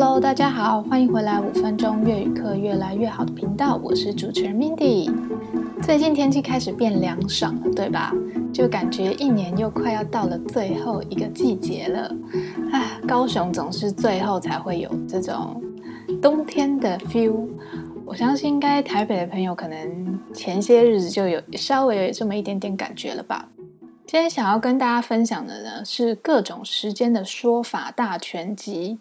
Hello，大家好，歡迎回來五分鐘越語課越來越好的頻道，我是主持人 Mindy。最近天氣開始變涼爽了，對吧？就感覺一年又快要到了最後一個季節了，唉，高雄總是最後才會有這種冬天的 feel。我相信應該台北的朋友可能前些日子就有稍微有這麼一點點感覺了吧。今天想要跟大家分享的呢，是各種時間的說法大全集。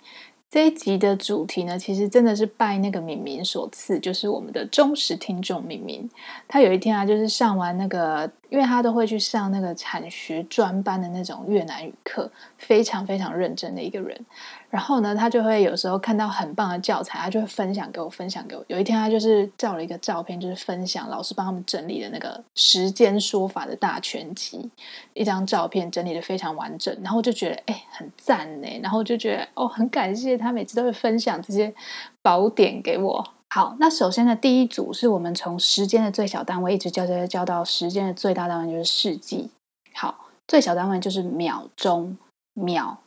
這一集的主題呢，其實真的是拜那個敏敏所賜，就是我們的忠實聽眾敏敏。她有一天啊，就是上完那個，因為她都會去上那個產學專班的那種越南語課，非常非常認真的一個人。然後呢，他就會有時候看到很棒的教材，他就會分享給我，分享給我。有一天，他就是照了一個照片，就是分享老師幫他們整理的那個時間說法的大全集，一張照片整理得非常完整。然後就覺得，哎，很讚耶。然後就覺得，哦，很感謝他每次都會分享這些寶典給我。好，那首先的第一組是我們從時間的最小單位一直教教教到時間的最大單位，就是世紀。好，最小單位就是秒鐘，秒。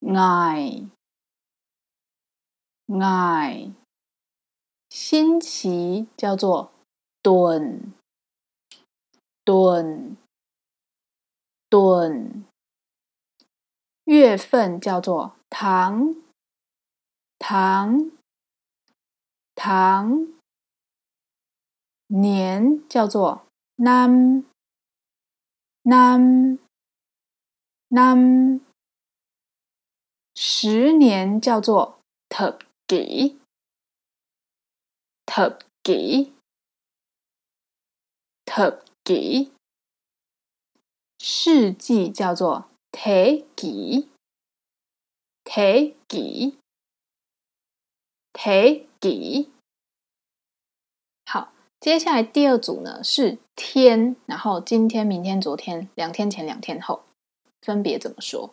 愛愛，星期叫做頓頓頓，月份叫做唐糖糖，年叫做南南南。南十年叫做 thập kỷ，thập kỷ，thập kỷ。世紀叫做 thế kỷ，thế kỷ，thế kỷ。好，接下來第二組呢是天，然後今天、明天、昨天、兩天前、兩天後，分別怎麼說？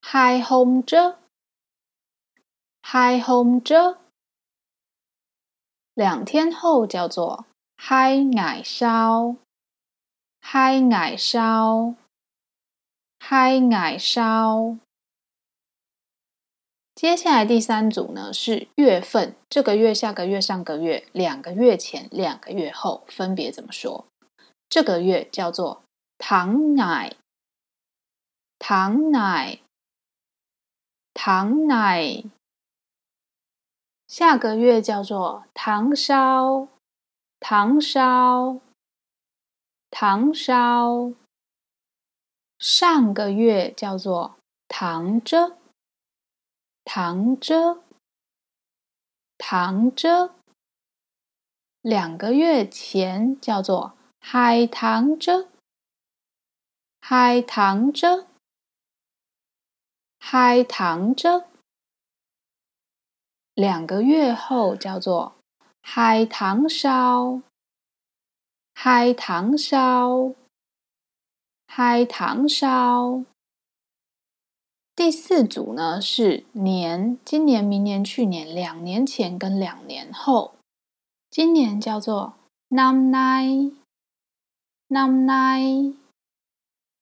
嗨，紅着，嗨，紅著，兩天後叫做嗨，奶燒，嗨，奶燒，嗨，奶燒。接下來第三組呢是月份，這個月、下個月、上個月、兩個月前、兩個月後分別怎麼說？這個月叫做糖奶，糖奶。糖奶，下個月叫做糖燒，糖燒，糖燒。上個月叫做糖粥，糖粥，糖粥。兩個月前叫做海棠粥，海棠粥。海棠蒸，兩個月後叫做海棠燒，海棠燒，海棠燒。第四組呢，是年，今年、明年、去年、兩年前跟兩年後。今年叫做 năm nay, năm nay,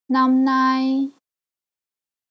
năm nay。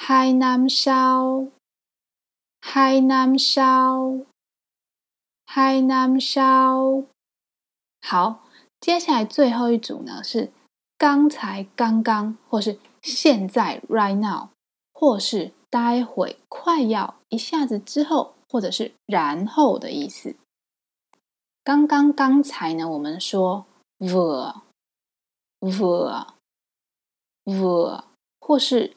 Hai năm sau，hai năm sau，hai năm sau。好，接下來最後一組呢，是剛才、剛剛，或是現在 （right now），或是待會、快要、一下子之後，或者是然後的意思。剛剛、剛才呢，我們說 vừa, vừa, vừa，或是。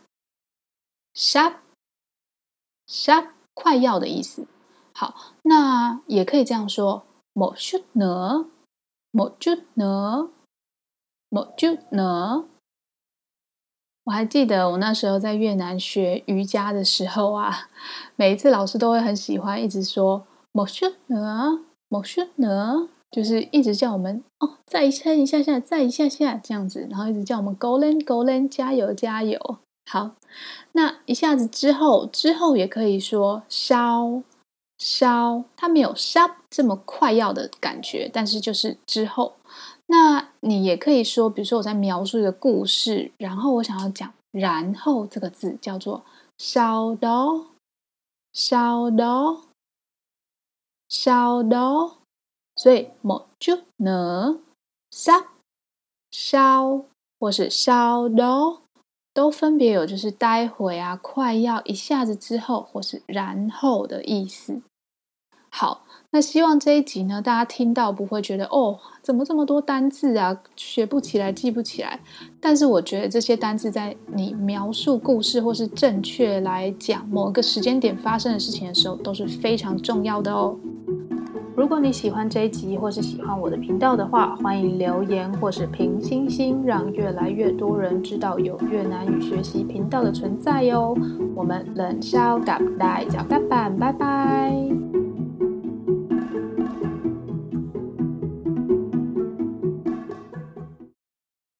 sắp sắp 快要的意思，好，那也可以這樣說。một chút nữa，một chút nữa，một chút nữa。我還記得我那時候在越南學瑜伽的時候啊，每一次老師都會很喜歡一直說 một chút nữa，một chút nữa，就是一直叫我們哦，再一下一下下，再一下下這樣子，然後一直叫我們 cố lên cố lên 加油加油。加油好，那一下子之後，之後也可以說 sau，sau，它沒有 “sắp” 這麼快要的感覺，但是就是之後。那你也可以說，比如說我在描述一個故事，然後我想要講“然後”這個字，叫做 sau đó，sau đó，sau đó，所以 một chút nữa，sắp、sau 或是 sau đó。都分別有，就是待會啊，快要一下子之後，或是然後的意思。好，那希望這一集呢，大家聽到不會覺得哦，怎麼這麼多單字啊，學不起來，記不起來。但是我覺得這些單字在你描述故事或是正確來講某個時間點發生的事情的時候，都是非常重要的哦。如果你喜歡這一集，或是喜歡我的頻道的話，歡迎留言或是評星星，讓越來越多人知道有越南語學習頻道的存在喲、哦。我們冷笑嘎呆腳嘎板，拜拜。